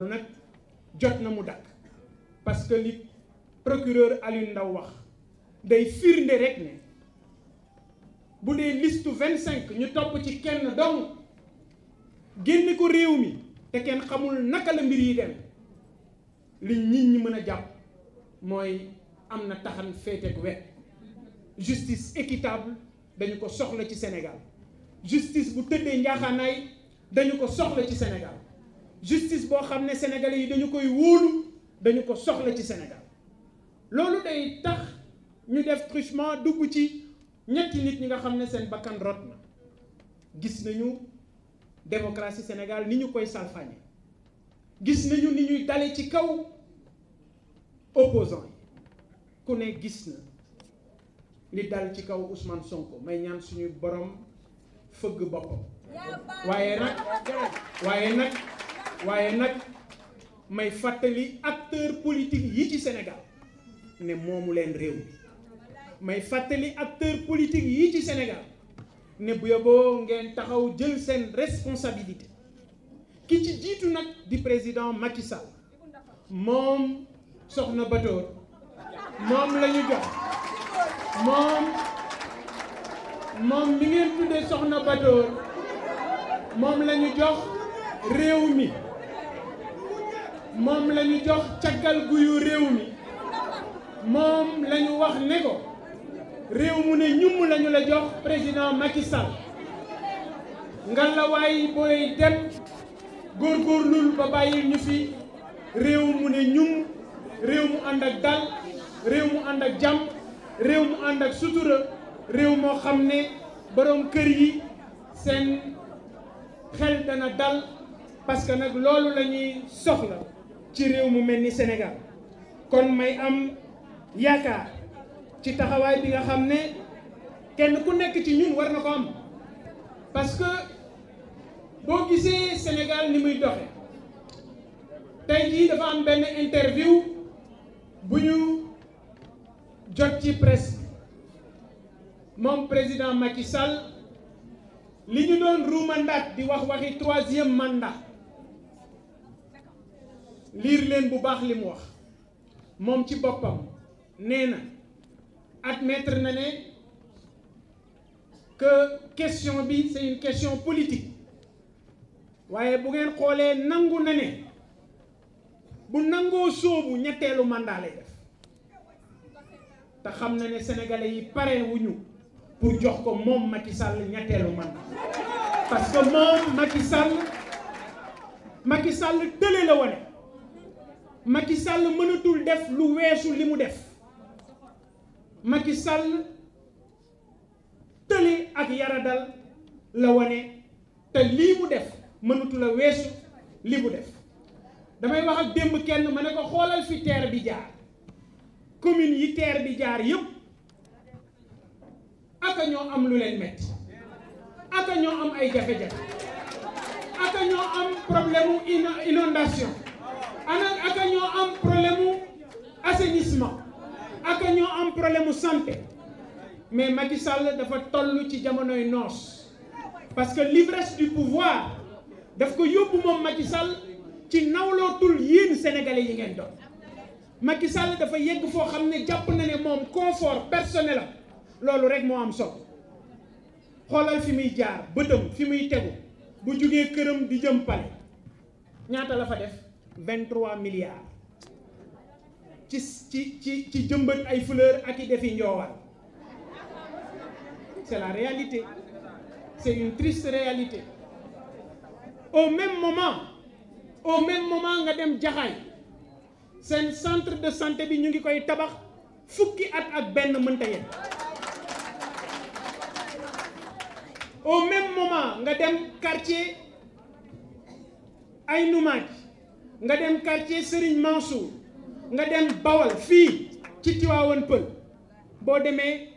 nag jot na mu dakk parce que li procureur Alioune Ndao wax day firnde rek ne bu dee liste vingt cinq ñu topp ci kenn dong génne ko réew mi te kenn xamul naka la mbir yi dem li nit ñi mën a jàpp mooy am na taxan féeteeg wet justice équitable dañu ko soxla ci Sénégal justice bu tëddee njaaxaanaay dañu ko soxla ci Sénégal justice boo xam ne sénégalais yi dañu koy wóolu dañu ko soxla ci Sénégal loolu day tax ñu def truchement dugg ci ñetti nit ñi nga xam ne seen bakkan rot na gis nañu démocratie Sénégal ni ñu koy salfaañe gis nañu ni ñuy dale ci kaw opposant yi ku ne gis na li dal ci kaw Ousmane Sonko may ñaan suñu boroom fëgg boppam waaye nag waaye nag waaye nag may fàttali acteur politique yi ci senegal ne moomu leen réew mi may fàttali acteur politique yi ci Sénégal ne bu yoboo ngeen taxaw jël seen responsabilité ki ci jiitu nag di président Macky Sall moom soxna Batoor moom lañu ñu jox moom moom mi ngeen tuddee soxna Batoor moom la jox réew mi moom la ñu jox caggal guyu réew mi moom la wax ne ko réew mu ne ñum lañu ñu la jox président Macky Sall ngalawaay booy dem góorgóorlul ba bàyyil ñu fi réew mu ne ñum réew mu ànd ak dal réew mu ànd ak jàmm réew mu ànd ak sutura réew moo xam ne boroom kër yi seen xel dana dal parce que nag loolu la ñuy soxla ci réew mu mel ni Sénégal kon may am yaakaar ci taxawaay bi nga xam ne kenn ku nekk ci ñun war na ko am parce que boo gisee Sénégal ni muy doxe tey jii dafa am benn interview bu ñu jot ci presse bi moom président Macky Sall li ñu doon ruumandaat di wax waxi troisième mandat liir leen bu baax li mu wax moom ci boppam nee na admettre na ne que question bi c'est une question politique waaye bu ngeen xoolee nangu na ne bu nangoo sóobu ñetteelu mandat lay def te xam na ne sénégalais yi pare wuñu pour jox ko moom Macky Sall ñetteelu mandat parce que moom Macky Sall Macky Sall tële la wone Macky sàll mënatul def lu weesu li mu def Macky Sall tële ak yaradal la wone te lii mu def mënatul a weesu li mu def damay wax ak démb kenn ma ne ko xoolal fi terre bi jaar commune yi terre bi jaar yëpp aka ñoo am lu leen metti aka ñoo am ay jafe-jafe aka ñoo am problème mu ana aka ñoo am problème mu assainissement aka ñoo am problème mu mais Macky Sall dafa toll ci jamonoy noos parce que l'ivresse du pouvoir daf ko yóbbu moom Macky Sall ci nawlootul yéen sénégalais yi ngeen doon Macky Sall dafa yegg foo xam ne jàpp na ne moom confort personnel la loolu rek moo am solo xoolal fi muy jaar bëtam fi muy tegu bu jugee këram di jëm pale ñaata la fa def 23 milliards ci ci ci ci jëmbat ay fleur ak i defi njoowal c'est la réalité c'est une triste réalité au même moment au même moment nga dem jaxaay seen centre de santé bi ñu ngi koy tabax fukki at ak benn mënta yem au même moment nga dem quartier ay numaaj nga dem quartier Serigne Mansour nga dem Bawal fii ci Tiwaawan Pël boo demee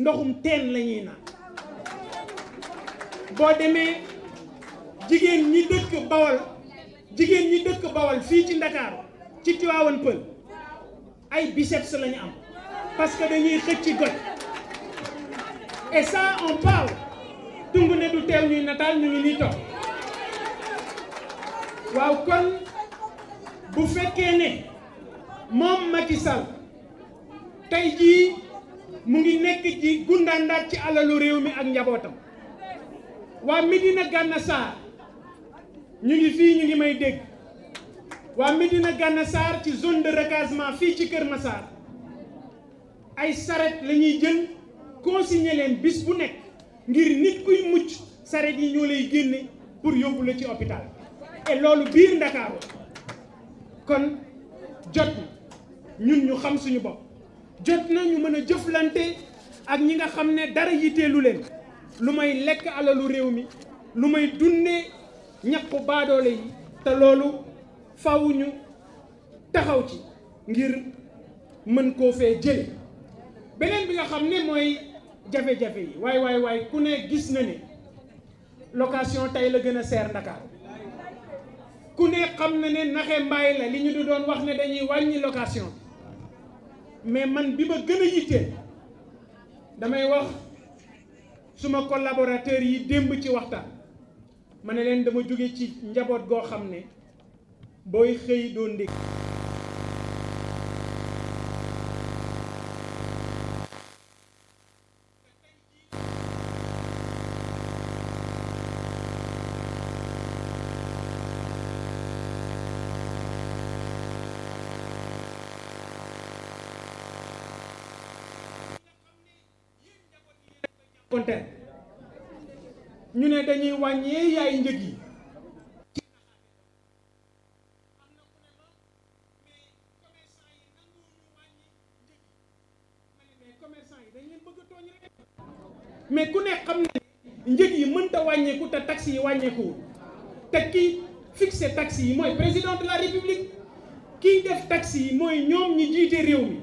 ndoxum teen la naan boo demee jigéen ñi dëkk Bawal jigéen ñi dëkk Bawal fii ci Ndakaaru ci Tiwaawan Pël ay biceps la am parce que dañuy xëcc goj et ça on parle ne du teew ñuy nataal ñu ngi nii toog waaw kon bu fekkee ne moom Macky Sall tey jii mu ngi nekk ji gundaandaat ci alalu réew mi ak njabootam waa Medina Gana ñu ngi fii ñu ngi may dégg waa Medina Gana Sarr ci zone de recasement fii ci Kër Massar ay saret lañuy ñuy jël consigné leen bis bu nekk ngir nit kuy mucc saret yi ñoo lay génne pour yóbbu la ci hôpital et loolu biir Ndakaaru kon jot ñun ñu xam suñu bopp jot na ñu mën a jëflante ak ñi nga xam ne dara yiteelu leen lu may lekk alalu réew mi lu may dundee ñaqu baadoole yi te loolu faw ñu taxaw ci ngir mën koo fee jële beneen bi nga xam ne mooy jafe-jafe yi waay waaye ku ne gis na ne location tey la gën a seer Ndakaaru ku ne xam na ne naxe mbaay la li ñu di doon wax ne dañuy wàññi location mais man bi ma gën a yittee damay wax suma ko collaborateurs yi démb ci waxtaan ma ne leen dama jóge ci njaboot goo xam ne booy xëy doon ndékki kontaan ñu ne dañuy wàññee yaay njëg yi mais ku ne xam ne njëg yi mënta wàññeeku te taxes yi wàññeeku te ki fixé taxes yi mooy président de la république kiy def taxes yi mooy ñoom ñi jiite réew mi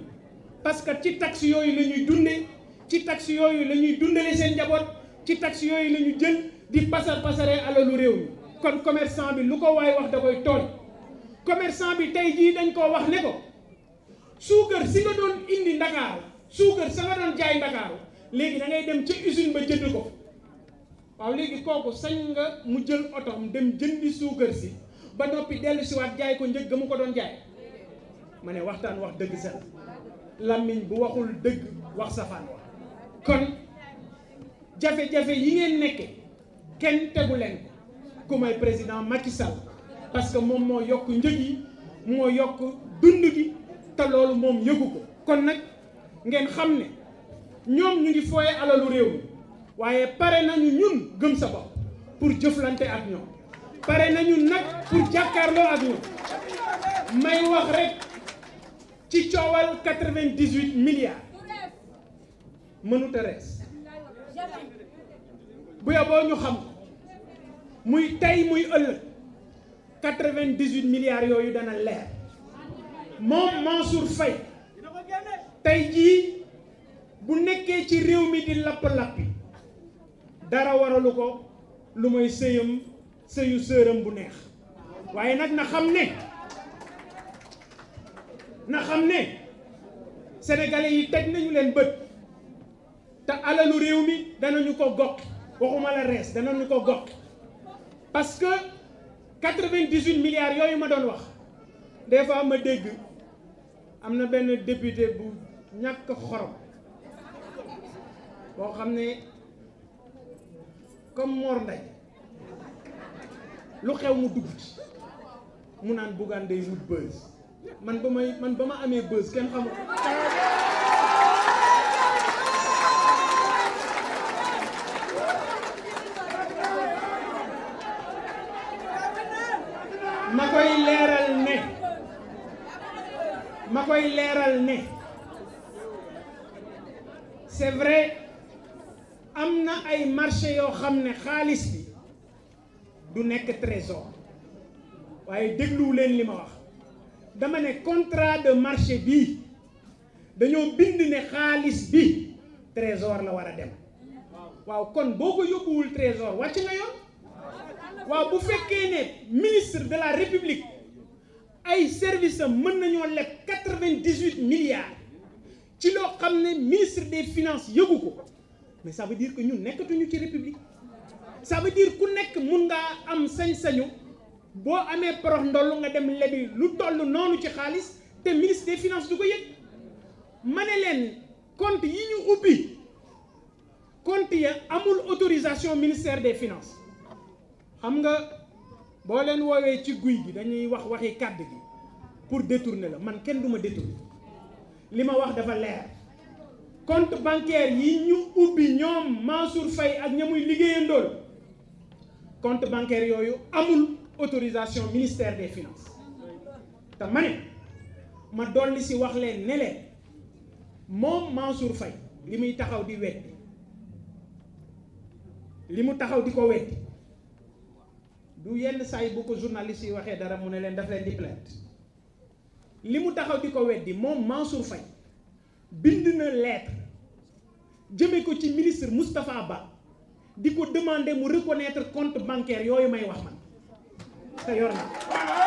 parce ci taxes yooyu la dundee ci taxe yooyu lañuy ñuy dundale seen njaboot ci taxe yooyu la ñu jël di pasar pasaree alalu réew mi kon commerçant bi lu ko waay wax da koy tooñ commerçant bi tey jii dañ koo wax ne ko suukar si nga doon indi Ndakaaru suukar sa nga doon jaay Ndakaaru léegi da ngay dem ca usine ba jënd ko waaw léegi kooku sañ nga mu jël otom dem jën jëndi suukar si ba noppi dellu siwaat jaay ko njëg ga mu ko doon jaay ma ne waxtaan wax dëgg sax làmmiñ bu waxul dëgg wax safaan kon jafe-jafe yi ngeen nekke kenn tegu leen ko ku may président Macky parce que moom moo yokk njëg yi moo yokk dund gi te loolu moom yëgu ko kon nag ngeen xam ne ñoom ñu ngi fooye alalu réew mi waaye pare nañu ñun gëm sa bopp pour jëflante ak ñoom pare nañu nag pour jàkkaarloo ak ñoom may wax rek ci coowal quatre vingt mënut a bu yoboo ñu xam muy tey muy ëllëg quatre-vingt-dix-huit milliards yooyu dana leer moom Mansour Faye tey jii bu nekkee ci réew mi di lapp-lappi dara waralu ko lu mooy sëyam sëyu sëram bu neex waaye nag na xam ne na xam ne sénégalais yi teg nañu leen bët te alalu réew mi danañu ko gox waxuma la rees ñu ko gox parce que quatre-vingt-dix-huit milliards yooyu ma doon wax des fois ma dégg am na benn député bu ñàkk xorom boo xam ne comme Mor Ndeye lu xew mu dugg ci mu naan Bougane day wut buzz man ba man ba ma amee buzz kenn xamul koy leeral ne c'est vrai am na ay marché yoo xam ne xaalis bi du nekk trésor waaye dégluwu leen li ma wax dama ne contrat de marché bi dañoo bind ne xaalis bi trésor la war a dem waaw kon boo ko yóbbuwul trésor wàcc nga yoon waaw bu fekkee ne ministre de la république ay service am mën nañoo lekk quatre-vingt-dix-huit milliards ci loo xam ne ministre des finances yëgu ko mais ça veut dire que ñun nekkatuñu ci république ça veut dire ku nekk mun ngaa am sañ-sañu boo amee porox ndoll nga dem lebi lu toll noonu ci xaalis te ministre des finances du ko yëg ma ne leen compte yi ñu ubbi compte ya amul autorisation ministère des finances xam nga boo leen woowee ci guy bi dañuy wax waxi kàdd gi pour détourner la man kenn du ma détourner li ma wax dafa leer compte bancaire yi ñu ubbi ñoom Mansour fay ak ña muy liggéeyandool compte bancaire yooyu amul autorisation ministère des finance te ma ne ma dolli si wax leen ne leen moom Mansour fay li muy taxaw di weddi li mu taxaw di ko weddi du yenn saa yi bu ko journaliste yi waxee dara mu ne leen daf leen di plainte li mu taxaw di ko weddi moom Mansour Faye bind na lettre jëme ko ci ministre Moustapha Ba di ko demande mu reconnaître compte bancaire yooyu may wax man te yor